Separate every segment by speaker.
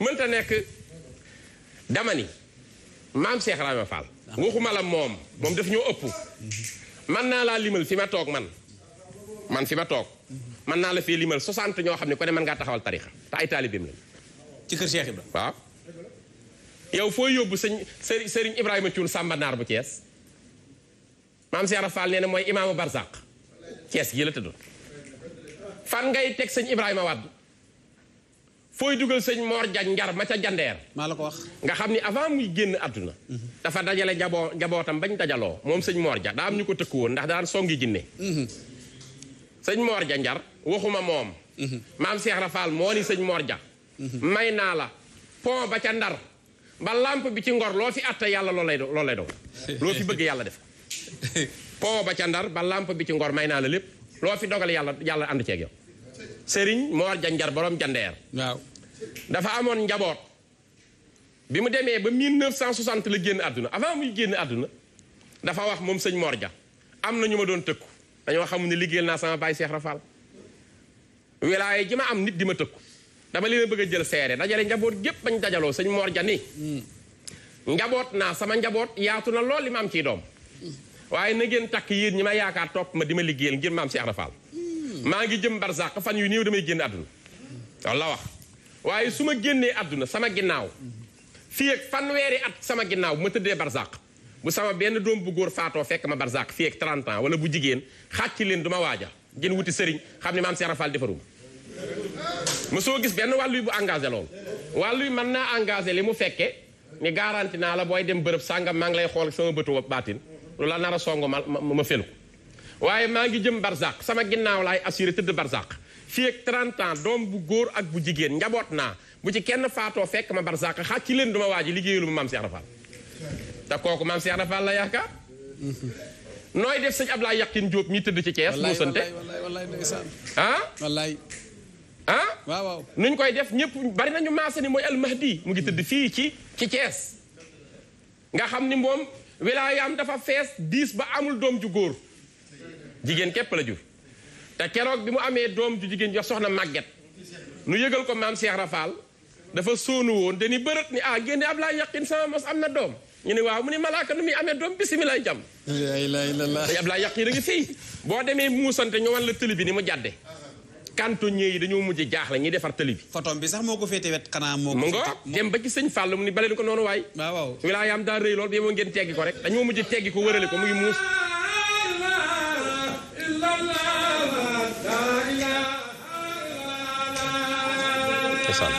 Speaker 1: mënta nekk damani ni maam Cheikh Rahma Fall. waxuma la moom moom daf ñoo ëpp. man naa laa limal fi ma toog man man fi ma toog man naa la fee limal 60 ñoo xam ne ko ne ngaa taxawal tarixa te ay taalibeem lañ. ci kër Cheikh Ibra waaw. yow foo yóbbu sëñ sëriñ Ibrahima Thioune Samba Naar bu cees maam Cheikh Rahma Fall nee na mooy imaamu Barzak Thiès gi la tëddoon fan ngay teg sëñ Ibrahima Wade. foy dugal señ Mor Diagne njar ma ca jander malako wax nga xamni ni avant muy genn aduna dafa dajale jabo jabotam bañ dajalo moom señ Mor Dia da am ñuko tekk won ndax daan songi jinne señ Mor Dia njar waxuma moom mam Cheikh Rafal mo ni señ Mor Dia may naa la pon ba ca ndar ba lamp bi ci ngor lo fi atta yalla lo lay lo lay do lo fi bëgg yalla def pon ba ca ndar ba lamp bi ci ngor may la lepp lo fi dogal yalla and ci ak yow Mor Dia borom jandeer dafa amone njabot bi mu demee ba 1960 le génn aduna avant muy génn aduna dafa wax mom seigne Morja amna ñuma doon tekk dañu xam ne liggéeyal naa sama baye Cheikh Rafal wilaaya ji ma am nit di ma dama leen bëgg a jël seere dajale njabot gep bañ dajalo seigne Morja ni njabot na sama njabot yaatuna na lool li ma ci ciy doom waaye na ngeen tak yéen ñima ma yaakaar topp ma dima liggéel ngir maam Cheikh Rafal ma ngi jëm barzak fan yu néew damay génn aduna loolu waaye su ma génnee àdduna sama ginnaaw fii ak fanweeri at sama ginnaaw bu ma tëddee barzaq bu sama benn doom bu góor faatoo fekk ma barzaq fii ak 30 wala bu jigéen xàcc leen du ma waaja gën wuti sëriñ xam ne maam Cheikh Rafal defaruma ma soo gis benn wàllu bu engage loolu wàllu yi mën naa engage li mu fekke ni garanti naa la booy dem bërëb sàngam maa ngi lay xool sama bëtu baatin lu la nar a song ma ma felu waaye maa ngi jëm barzaq sama ginnaaw laay assuré tëdd barzaq fii ak 30 ans dom bu góor ak bu jigen njabot na bu ci kenn faato fekk ma barsàq xàcc len duma waji ji liggéeyalu ma Cheikh Rafal ta koku mam Cheikh Rafal la yakka noy def seigne abdallah yakine Diop mi teud ci Thiès moo sante ah wallahi ah waaw waaw koy def ñepp bari nañu maase ni mooy al mahdi mu ngi teud fi ci ci Thiès nga xamni mom moom wilaayaam dafa fess 10 ba amul dom ju góor jigen kep la jur te keroog bi mu amee doom ju jigéen jox soxna màgget nu yëgal ko maam Cheikh Rafal dafa sóonu woon dani bërët ni ah génne ab laa yaqin sama mos am na doom ñu ne waaw mu ne malaaka nu muy amee doom bisimilah jàmm dañ ab laa yàq yi da ngi fii boo demee muusante ñu wan la tëli bi ni mu jàdde cantonnier yi dañoo mujj jaaxle defar tëli bi fotom bi sax moo ko féete wet xanaa moo mu ngo dem ba ci sëñ Fall mu ni baleen ko noonu waay waaw waaw daa rëy lool bi moo ngeen teggi ko rek dañoo mujj teggi ko wërale ko mu ngi
Speaker 2: Sall.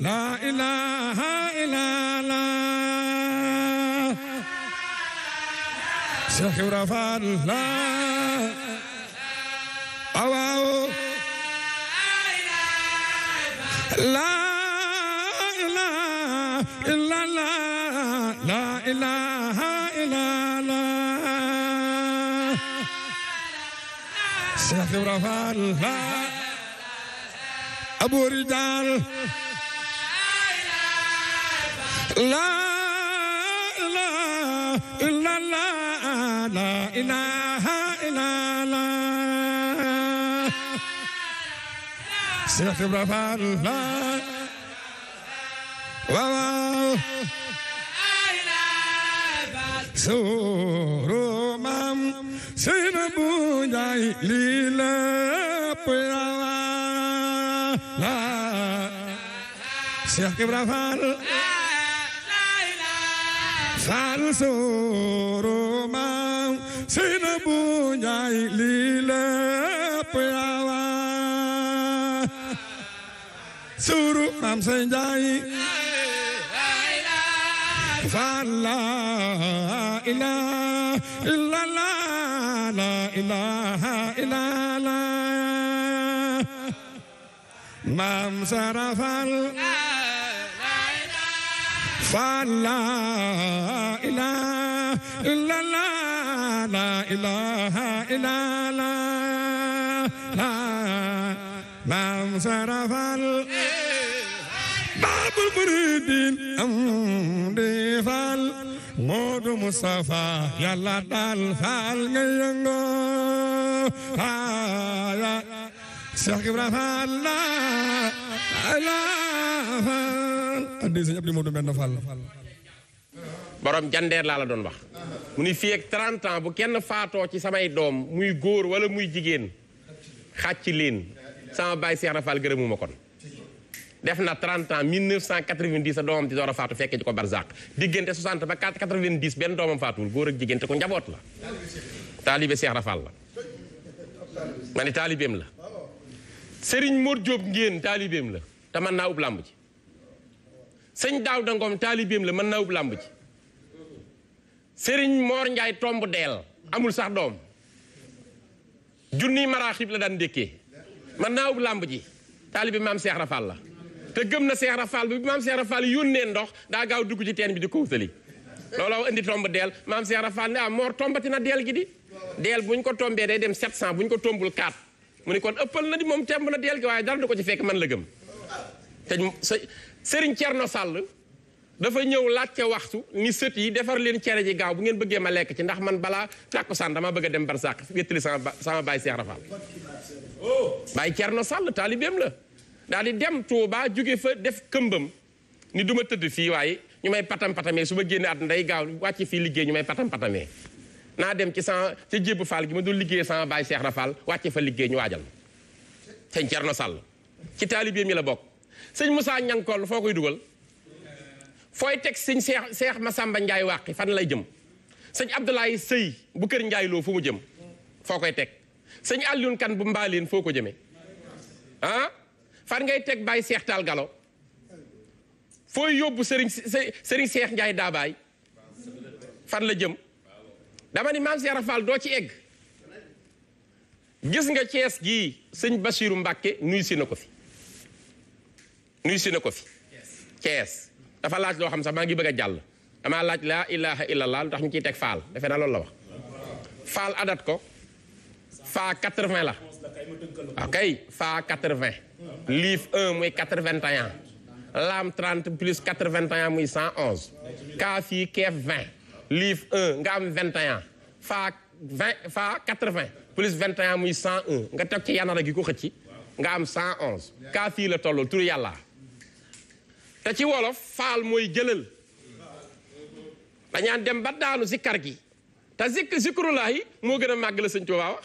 Speaker 2: La ilaha illallah Sheikh Rafal la Awao La سيخ رفال ابو ردال لا لا لا لا لا لا لا لا لا لا سيخ رفال لا واو سورو sëñ bu njaay lii lépp yàlla la Cheikh Ibra Fall Fall sóoru maam sëñ bu njaay lii lépp yàlla sóoru maam sëñ njaay فلا إله إلا الله لا إله إلا الله من صرف فلا إله إلا الله لا إله إلا الله من صرف الله baabul muridin amdi faal Moodu Mustafa yàlla daal faal nga yëngo Cheikh Ibra faal la la faal borom la
Speaker 1: wax ak 30 ans bu kenn ci samay muy góor wala muy jigéen xàcc sama baay Cheikh Ibra Faal kon def na 30 ans 1990 sa doomam di door a faatu fekkee ci ko barzak diggante 60 ba 90 benn doomam faatuwul góor ak jigéen te ko njaboot la. taalibe Cheikh Rafal la. ma ne taalibeem la. Serigne Mor Diop ngeen taalibeem la te mën naa ub làmb ji. sëñ daaw dangoom taalibeem la mën naa ub làmb ji. Serigne Mor Ndiaye tomb deel amul sax doom. junniy maraaxib la daan dékkee mën naa ub làmb ji taalibe maam Cheikh Rafal la. te gëm na cheikh rafal bi maam Seexra Faal yónnee ndox da gaaw dugg ci teen bi di ko lolo looloo indi tomb deel maam Seexra Faal ne ah moor tombati na deel gi di del buñ ko tombé day dem 700 buñ ko tombul 4 muni kon eppal na di mom temb na del gi waaye dal du ko ci fekk man la gëm te sall da fa ñew ñëw ca waxtu ni seut yi defar leen cere ji gaaw bu ngeen bëggee ma lekk ci ndax man bala takusan dama bëgg dem barzak wéttali sama sama baay Seexra Faal oh! baye Cerno sall talibem la daal di dem Touba jóge fa def këmbam ni duma teud fi waye ñu may patam patame su genn at nday gaaw wacc fi liggey ñu may patam patame na dem ci sans ci jébbu Fall gi ma do liggey sans bay Cheikh Rafal wacc fa liggey ñu waajal señ cerno Sall ci taalibeem yi la bok señ Moussa ñankol foo koy dugal fooy teg sëñ Cheikh Cheikh Massamba ndjay waqi fan lay jëm señ Abdoulaye sey bu keur ndjay lo fu mu jëm foo koy teg Alioune Kan bu mbaaleen foo ko jëmee ah fan ngay tek bay Cheikh Tall Galo fooy yóbbu Serigne Serigne Cheikh da bay fan la jëm dama ni mam Cheikh Fall do ci egg gis nga Cees gi serigne Bachirou Mbacke nuy si na fi nuy si na ko fi Cees dafa laaj lo xam sax ma ngi bëgga jall dama laaj la ilaha illallah lu ñu ci tek fal defena lool la wax fal adat ko fa 80 la ok fa 80 live 1 muy 81 Lam 30 plus 81 muy 111 kaaf yi 20 live 1 nga am 21 fa 20 fa 80 plus 21 muy 101 nga tok ci yanara gi ko xëcci nga am 111 kaaf le la tollul tur yàlla te ci wolof faal mooy jëlal dañaan dem ba daanu si kar gi Ta zikk zikrulaahi moo gën a màgg la wax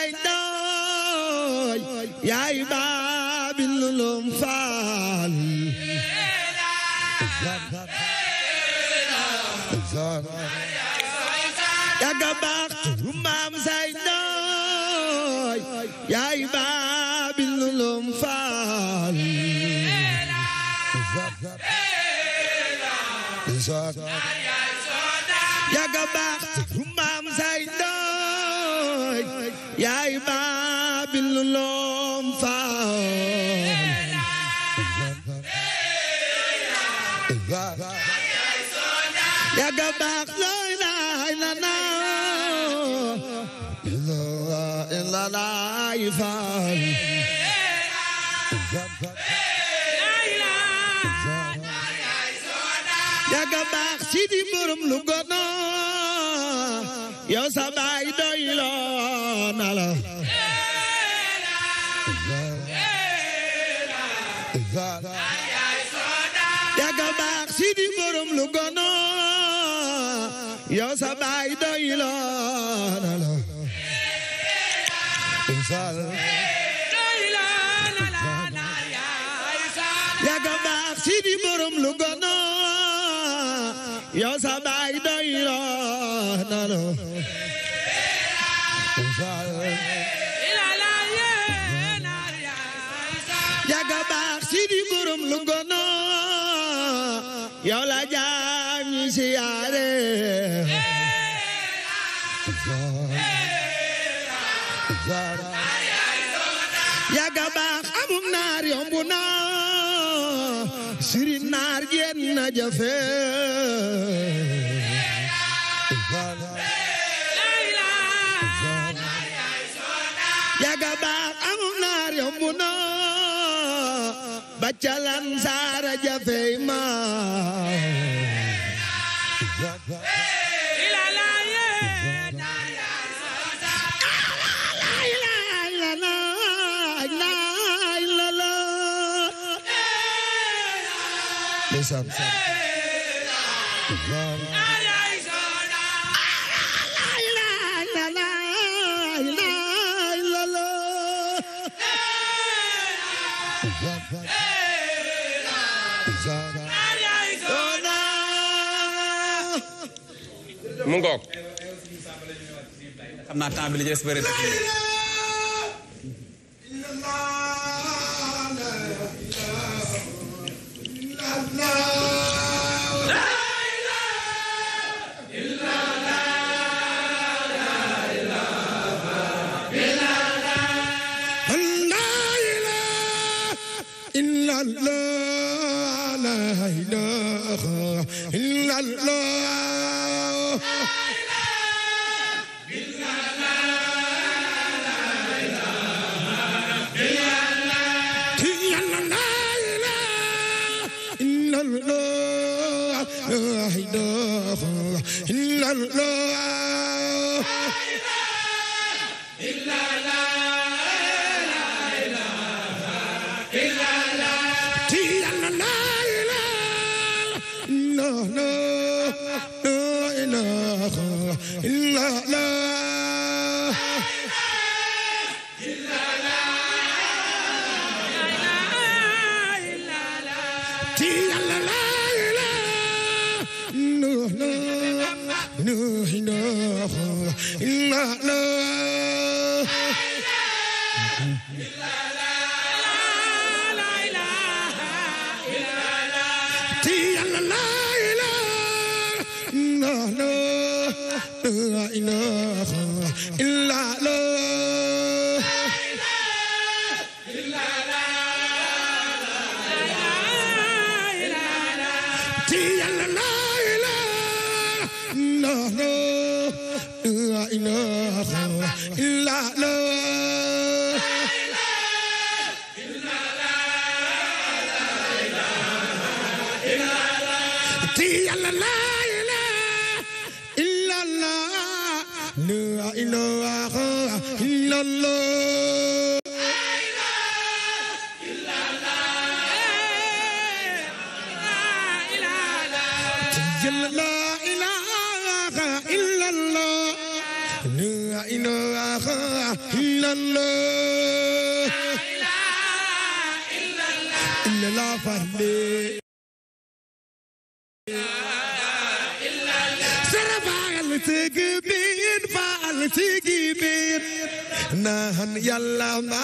Speaker 3: yaay baabil lum faal yaga baax maam say nooy yaay baabil lum faal yaga baax maam say nooy yaay baabil lum yàgga baax looy laay la naaw la laay faal yàgga baax ci di borom lu gono yow sa baay doy loo na la yàgga baax ci di borom lu gono yow sa baay doy loona la insaal doy loona la na yaay saal yaa ga baax si di borom lu gono yow sa baay doy loona la insaal yaa ga baax si di borom lu gono yow la jaam siyaare na siri naar jeen na naar yomb na baccalan saara jafe ma ndeysaan
Speaker 4: mu ngoog
Speaker 1: xam naa temps bi li ci des bëri
Speaker 4: الله لا إله إلا الله إلا الله إلا لا إلا لا إلا لا no. إله إله إلا الله لا إله إلا الله لا إله إلا الله إلا الله فهدي لا إله إلا الله سرفع التقبل ci biir naan yàlla ma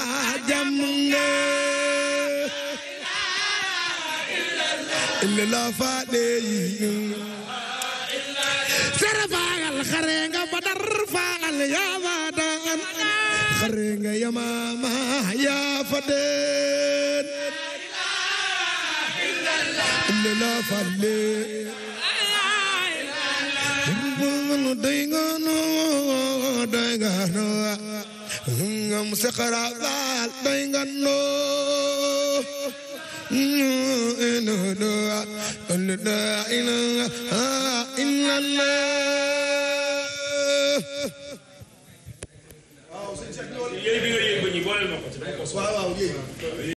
Speaker 4: jàmm nga illa la fa deyi sera faal xare nga badar faal yaa ma daan xare nga yaa ma yaa fa deen illa la fa deyi doy nga noo doy nga noo ngam sakara baal doy nga noo ino do ino do ino ino waaw